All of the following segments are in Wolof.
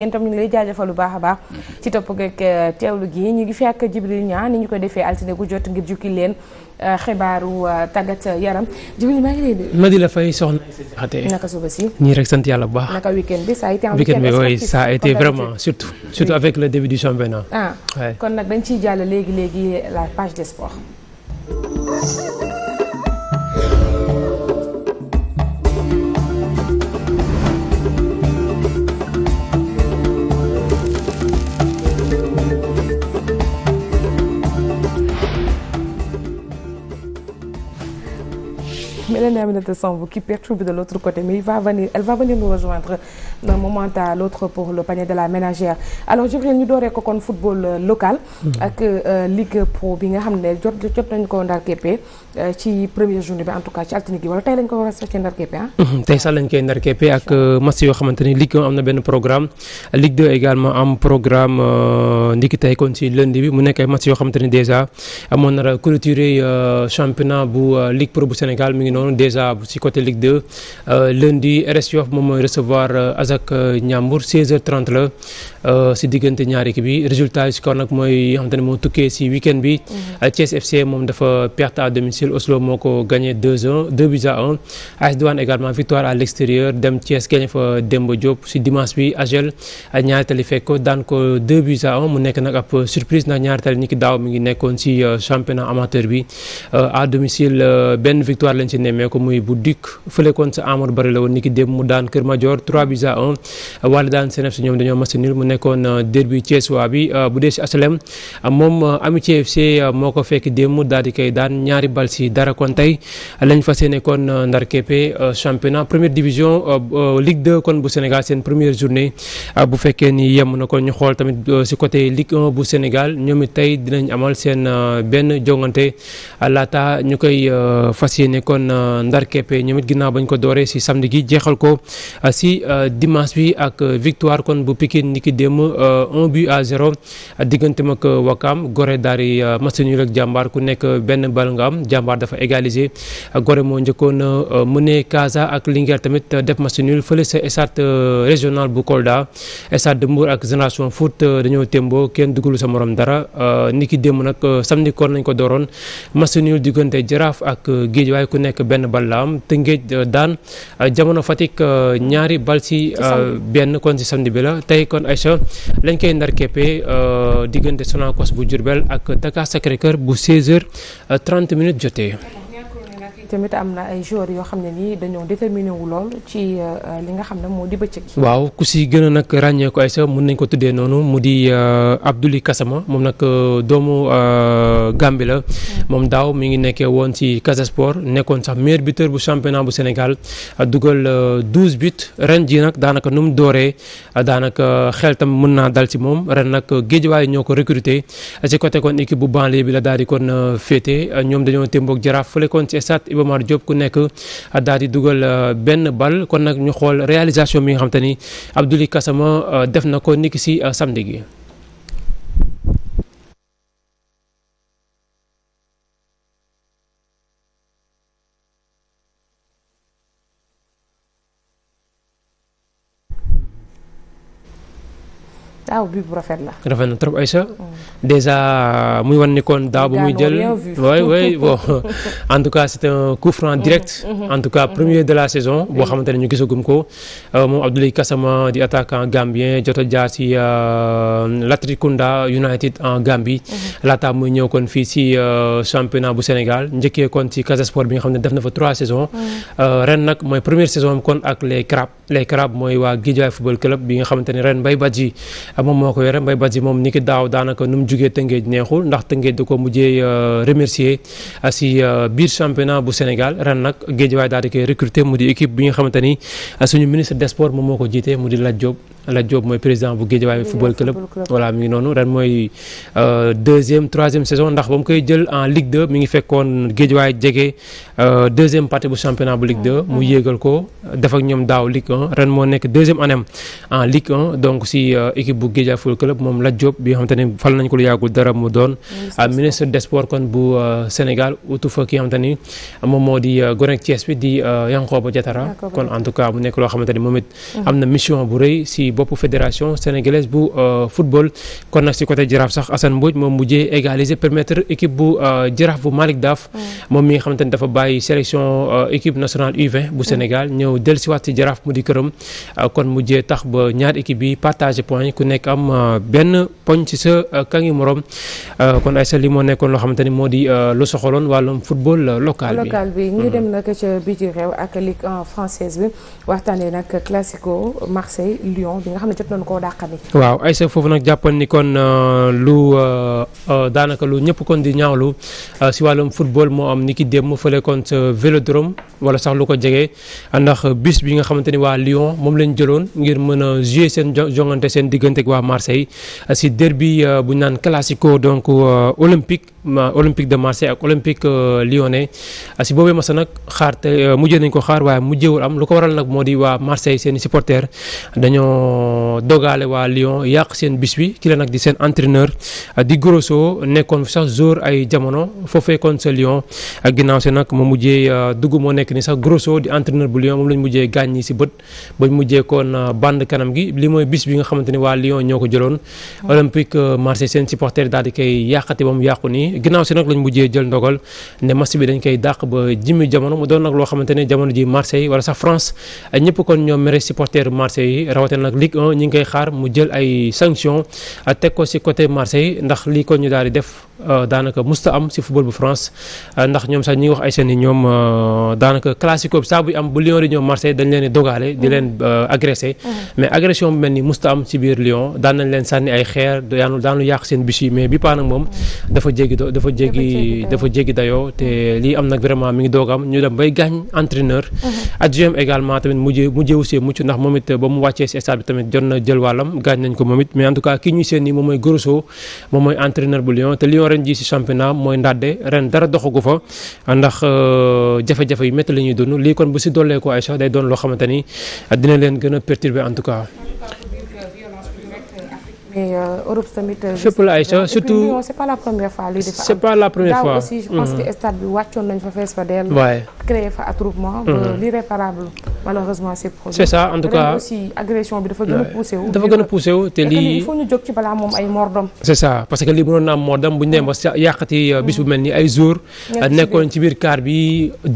yéen tam ñu ngi lay jaajëfal lu baax a baax mm-hmm. ci topp geeg euh, teewlu gi ñu ngi fi ak Djibril Niang ni ñu ko defee altine gu jot ngir jukki leen euh, xibaaru euh, tàggat yaram Djibril maa di la fay soxna Aïssa Diakhaté. si. ñii rek sant yàlla bu baax. naka week-end bi ça a été un week-end bi oui ça a été vraiment surtout surtout avec le début du championnat. ah kon nag dañ ciy jàll léegi léegi la page des Aminata Sambou qui perturbe de l'autre côté mais il va venir elle va venir nous rejoindre d'un moment à l'autre pour ci première journée war a ah? mm-hmm. sax lañ koy ndar ak euh, match yoo xamante ni Ligue am na benn programme Ligue 2 également am programme euh, ndiki tey kon ci lundi mu nekk ay match yoo xamante déjà amoon na clôturer euh, championnat bu Ligue Pro bu Sénégal mi ngi noonu déjà déjà si côté de 2 euh, lundi RS Yoff moom mooy recevoir euh, Azak euh, Ndiambour 16h30 la. Euh, si diggante ñaari équipe yi résultat yi si kaw nag mooy yoo xamante moo tukkee si week-end bi. Mhm. Euh, Thiès FC moom dafa perte à domicile Oslo moo ko gagné 2-1 2 buts à 1. Euh, mu nekk nag ab surprise ndax ñaari tali ñi daaw mi ngi nekkoon si championnat amateur bi à domicile benn victoire lañ si nemmee ko muy bu fële koon sa Amadou Bari la woon ni démb mu daan Kër Madior 3 buts à 1 wala daan CNFC ñoom dañoo mas nul mu nekk nekkoon euh, derby Thiessois bi euh, bu dee si asalem euh, moom Amitié moo ko fekk démb daal di koy daan ñaari bal si dara kon tey lañ fas yéene kon ndar keppe championnat première division Ligue 2 kon bu Sénégal seen première journée bu fekkee ni yem na ko ñu xool tamit si côté Ligue 1 bu Sénégal ñoom it tey dinañ amal seen benn jongante laata ñu koy fas yéene kon ndar keppe ñoom ginnaaw bañ ko dooree si samedi gi jeexal ko si dimanche bi ak victoire kon bu Pikine démb euh, un but à zéro digganteem ak euh, Wakam Gorée daal di euh, match nul ak jàmbaar ku nekk benn bal nga am jàmbaar dafa égaliser Gorée moo njëkkoon mëne Casa ak Linguère tamit def match nul fële sa stade régional bu Kolda stade de Mbour ak Génération Foot dañoo témboo kenn dugalu sa moroom dara nit ki démb nag samedi kon nañ ko dooroon match diggante Jaraaf ak géej waaye ku nekk benn bal la am Tëngéej daan jamono Fatick ñaari bal si benn kon si samedi bi la tey ca lañ koy ndarkeppee euh, diggante Sonacos bu Diourbel ak Dakar sacré bu 16h30 euh, minutes jotee. tamit am na ay joueurs yoo xam ne nii dañoo déterminé lool ci euh, euh, li nga xam na moo di bëccëg. waaw ku si gën nag ràññee ko ay sa mën nañ ko tuddee noonu mu di euh, Abdoulaye Kassama moom nag doomu gambi la. Mm. moom daaw mi ngi nekkee woon ci Casa nekkoon sax meilleur bu championnat bu Sénégal dugal 12 buts ren ji nag daanaka nu mu dooree daanaka xel tam mën naa dal ci moom ren nag géejuwaay ñoo ko recruter ci côté kon équipe bu banlieue bi la daal di kon féete ñoom dañoo témboog jaraaf fële kon ci stade Iba Mar Diop ku nekk daal di dugal euh, benn bal kon nag ñu xool réalisation bi nga xam te ni Abdoulaye Gassama euh, def na ko niki si euh, samedi gi. daaw ah, bi bu rafet la. rafet na trop Aïcha. Mm. déjà muy wan kon daaw bu muy jël. en tout cas c'est un mm. direct. Mm. en tout cas premier de la saison. boo xamante ne ñu gisagum ko euh, moom Abdoulaye Kassama di attaquant gambien jot a jaar si euh, Latrikunda United en Gambie. -hmm. laata muy ñëw kon fii si euh, championnat bu Sénégal njëkkee kon ci Casa Sport bi nga xam ne def na fa trois saisons. ren nag mooy première saison am kon ak les Crabes les Crabes mooy waa Guédiawaye football club bi nga xamante ne ren Ah, moom moo ko yore Mbaye Badji moom ni ki daaw daanaka nu mu jugee Tëngéej neexul ndax Tëngéej da ko mujjee euh, remercier ah, si euh, biir championnat bu Sénégal ren nag Guédiawaye daal di koy recruter mu di équipe bi nga xamante ni ah, suñu ministre des sports moom moo ko jiite mu di Lat Diop Lat Diop mooy président bu Guédiawaye football club voilà mi ngi noonu ren mooy euh, deuxième troisième saison ndax ba mu koy jël en Ligue 2 mi ngi fekkoon Guédiawaye jege euh, deuxième partie bu championnat bu Ligue de mu yéegal ko def ak ñoom daaw Ligue ren moo nekk deuxième année en Ligue 1 donc si euh, équipe bu Guédiawaye football club moom Lat Diop bi xam xamante ne fal nañ ko lu yàggul dara mu doon ministre des sports kon bu Sénégal utu fa ki nga xamante ni moom moo di gonek Thiès bi di Yankhoba Diattara kon boppu fédération sénégalaise bu euh, football kon nag si côté Jaraaf sax Assane Mbodj moom mujjee égaliser permettre équipe bu euh, Jaraaf bu Malick Daaf moom mi nga ni dafa bàyyi sélection euh, équipe nationale u bu Sénégal ñëw dellusiwaat si Jaraaf mu di këram kon mujjee tax ba ñaar équipe bi partage point yi ku nekk am benn poñ ci sa kangi morom kon ay sa li moo nekkoon loo xamante ni moo di lu soxaloon wàllum football local bi local bi ñu mhm. dem nag ca biti réew bi waxtaanee nag coow bi nga xam ne jot nañu koo dàqani. waaw ay sa foofu nag jàppoon ni kon euh, lu euh, euh, daanaka lu ñëpp kon di ñaawlu si wàllum football moo am ni ki démb fële kon sa Vélodrome wala sax lu ko jege ndax bus bi nga xamante ni waa Lyon moom lañ jëloon ngir mën a jouer seen jongante seen diggante ak waa Marseille si derby bu ñu naan classico donc olympique. olympique de Marseille ak olympique euh, lyonnais ah, si boobee masa nag xaar te euh, mujjee nañ ko xaar waaye mujjewul am lu ko waral nag moo di waa Marseille seen supporter dañoo dogaale waa Lyon yàq seen bis bi ki la nag di seen entraîneur ah, di Grosso nekkoon sax jour ay jamono foofee kon sa Lyon ak ah, ginnaaw si nag mu mujjee dugg moo nekk ni sax Grosso di entraîneur bu Lyon moom lañ mujjee gàññi si bët bañ mujjee kon band kanam gi li mooy bis bi nga xamante ni waa Lyon ñoo ko euh, yàqati ba yàqu nii ginnaaw si nag lañ mujjee jël ndogal ne match bi dañ koy dàq ba jimi jamono mu doon nag loo xamante ne jamono ji Marseille wala sax France ay sanctions teg ko ñu daal di def euh, daanaka musta am si football bu France euh, ndax ñoom sax ñi ngi wax ay seen i ñoom euh, daanaka classico bi saa buy am bu Lyon di ñëw Marseille dañ leen di dogaale di mm-hmm. leen agressé mm-hmm. mais agression bu mel ni musta am si biir Lyon daan nañ leen sànni ay xeer daanu daanu yàq seen bis mais bi paa moom mm-hmm. dafa jéggi dafa dafa jéggi dafa jéggi dayoo te lii am nag vraiment mi ngi doog am ñu dem bay gaañ entraîneur uh-huh. adjoint également tamit mujjee mujjee aussi mucc ndax moom it ba mu wàccee si stade bi tamit jot na jël wàllam gaañ nañ ko moom it mais en tout ñuy seen moom mooy Grosso moom mooy entraîneur bu Lyon te Lyon ren ji si championnat mooy ndàdde ren dara doxagu fa ndax euh, jafe-jafe yu métti la ñuy dund lii kon bu si dollee ko Aïcha day doon loo xamante dina leen gën a mais euh, Europe tamit. fépp euh, la Aïcha surtout c'est pas la première fois. lii dafa am c'est pas la première fois. daaw aussi je pense mm. que stade bi wàccoon nañ fa fees fa dellu. waay créé fa attroupement. ba mm. l'irréparable malheureusement c'est produit. c'est ça en tout cas aussi agression bi dafa gën a poussé wu. dafa gën a poussé wu te lii il faut ñu jóg ci balaa moom ay mordom. c'est ça parce que lii mënoon na am mordom bu ñu demee ba sa yàqati euh, mm. bis bu mel ni ay jour nekkoon ci biir car bi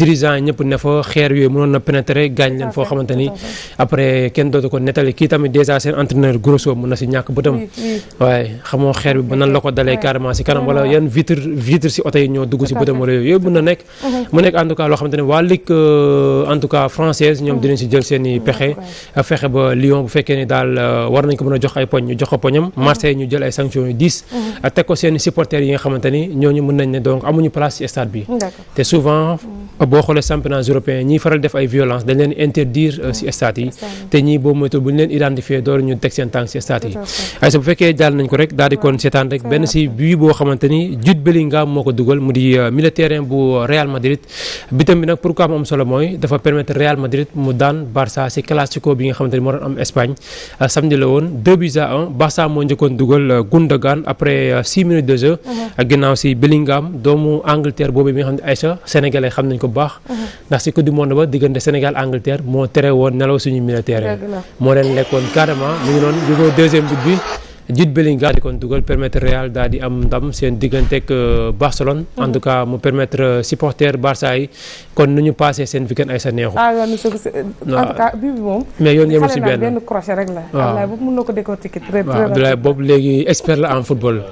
dirigeant ñëpp ne fa xeer yooyu mënoon na pénétrer gaañ leen foo xamante ni après kenn dootu ko nettali kii tamit déjà seen entraîneur grosso mën na si ñàkk bëtam waaye xamoo xeer bi nan la ko dalee carrément si kanam wala yan vitre vitre si oto yi ñoo dugg si bëtam wala yooyu yooyu mën na nekk mhm. mu nekk en loo xamante waa ligue euh, en française ñoom dinañ si jël seen i a fexe ba Lyon bu fekkee ni daal euh, war nañ ko mën a jox ay poñ ñu jox ko poñam mhm. Marseille ñu jël ay sanctions yu diis mhm. euh, teg ko seen supporters yi nga xamante ni ñooñu mën nañ ne donc amuñu place si stade bi te souvent boo xoolee championnats européens yi te ñii boo moytu bu ñu leen identifier door ñu teg seen tànk aysa bu fekkee jàll nañ ko rek daal di kon seetaan rek benn si bii boo xamante ni Jude Bellingham moo ko dugal mu di euh, militaire bu euh, Real Madrid bitam bi nag pourquoi mu am solo mooy dafa permettre Real Madrid mu daan Barça si classico bi nga xamante ni moo doon am Espagne euh, samedi la woon 2 buts à mhm. doomu Angleterre boobu bi nga xam ne aysa sénégalais xam nañ ko bu baax mhm. ndax si coupe du monde ba diggante Sénégal Angleterre moo tere woon nelaw suñu militaire moo leen lekkoon carrément mu ngi noonu deuxième Jude Bellingham di kon dugal permettre Real daal di am ndam seen digganteeg euh, Barcelone. en mhm. tout cas mu permettre euh, supporter Barça yi kon nu ñu passé seen weekend ay sa neexu. ah yoonu mais yoon yemul si benn xale naa benn waaw Abdoulaye boobu mën na ko décortiquer. très très boobu léegi expert la en football.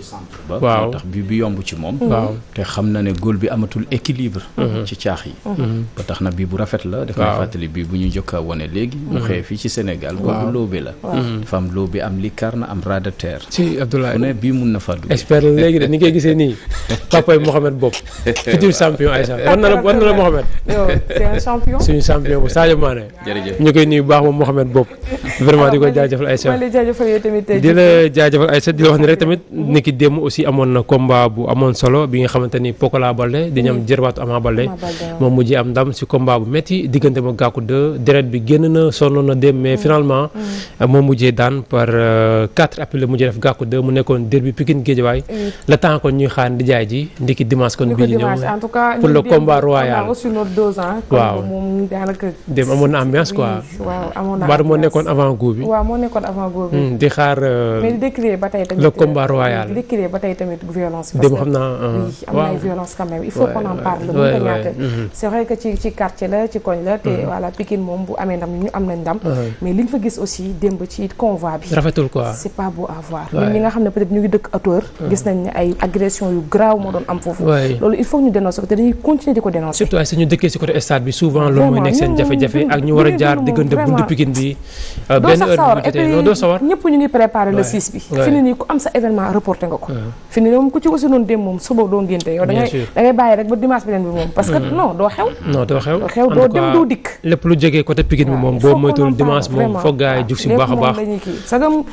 ci centre ba. waaw tax bi bi yomb ci moom. waaw te xam na ne góol bi amatul équilibre. Mhm. ci caax yi. Mhm. ba tax na bii bu rafet la. dafay fàttali bii bu ñu jokka wone léegi. mu mhm. xëyee fii ci Sénégal. boobu loobe la. dafa am loobe am likarne am ras de terre. ci Abdoulaye mu ne bii mun na faa expert la léegi de ni ngay gisee nii papa yi Mouhamed Bob. futur champion ay war na la war na la Mouhamed. yow c'est un champion. suñu champion bu Sadio Mané. jërëjëf ñu koy nuyu baax moom Mouhamed Bob. vraiment di ko jaajëfal ay di la jaajëfal ay di la wax ni rek tamit ki démb aussi amoon na combat bu amoon solo bi nga xamante ni Pokola Balde di ñam mm. jërwaatu Ama Balde moom mujjee am ndam si combat bu métti diggante ma gàkku de deret bi génn na sonnoon na dem mais mm. finalement mm. Euh, moom mujjee daan par euh, quatre appels mujjee def gàkku de mu nekkoon derby Pikine Guédiawaye le temps kon ñuy xaar di jaay ji ndiki dimanche kon bii di ñëw pour le combat royal waaw dem amoon na ambiance quoi waaw moo nekkoon avant goût bi hmm, di xaar euh, le combat bi créé ba tey tamit violence. parce que ci ci la ci koñ la. te mhm. voilà Pikine moom bu amee ndam ñu ngi dëkk auteur. gis nañ ay agression yu grave moo doon am foofu. loolu il faut ñu dénoncer ko te dañuy continuer di ko dénoncer. surtout ay suñu dëkkee si côté stade bi souvent loolu mooy nekk seen jafe-jafe ak ñu war a jaar diggante buntu Pikine bi. Euh, benn heure sawar ñëpp ñu ngi préparer le 6 bi. fi ni ku am sa événement reporté nga ko eh. fi ne moom ku ci aussi noonu moom suba doo ngénte yow da bàyyi rek ba dimanche beneen bi moom parce que mm. non doo xew non doo xew xew doo dem doo dikk lépp lu jógee côté Pikine bi moom boo moytul dimanche moom foog jug si bu baax baax dañuy kii sagam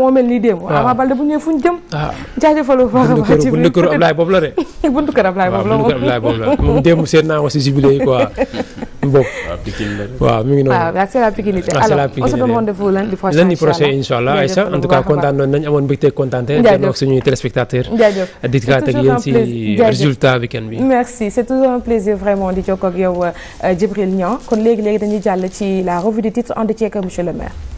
moo mel nii démb ah. Ama Baldé bu ñëwee fu jëm ah. jaajëfalu baax a baax ci buntu kër Ablaye boobu la de buntu kër Ablaye boobu la moom démb seen naa ko si jubilé yi quoi Mbow. waaw Pikine la waaw mi ngi la Pikinité ah, alors on se donne rendez-vous lundi prochain lundi prochain incha allah Aïssa en tout cas kontaan noonu nañ amoon mbégte kontaan te ak suñuy téléspectateurs. jaajëf ah, di dikkaat ak yéen ci résultat merci c'est toujours un plaisir vraiment di jokkoo ak yow euh, Djibril Niang kon léegi léegi dañuy jàll ci la revue des titres ànd ceeg monsieur le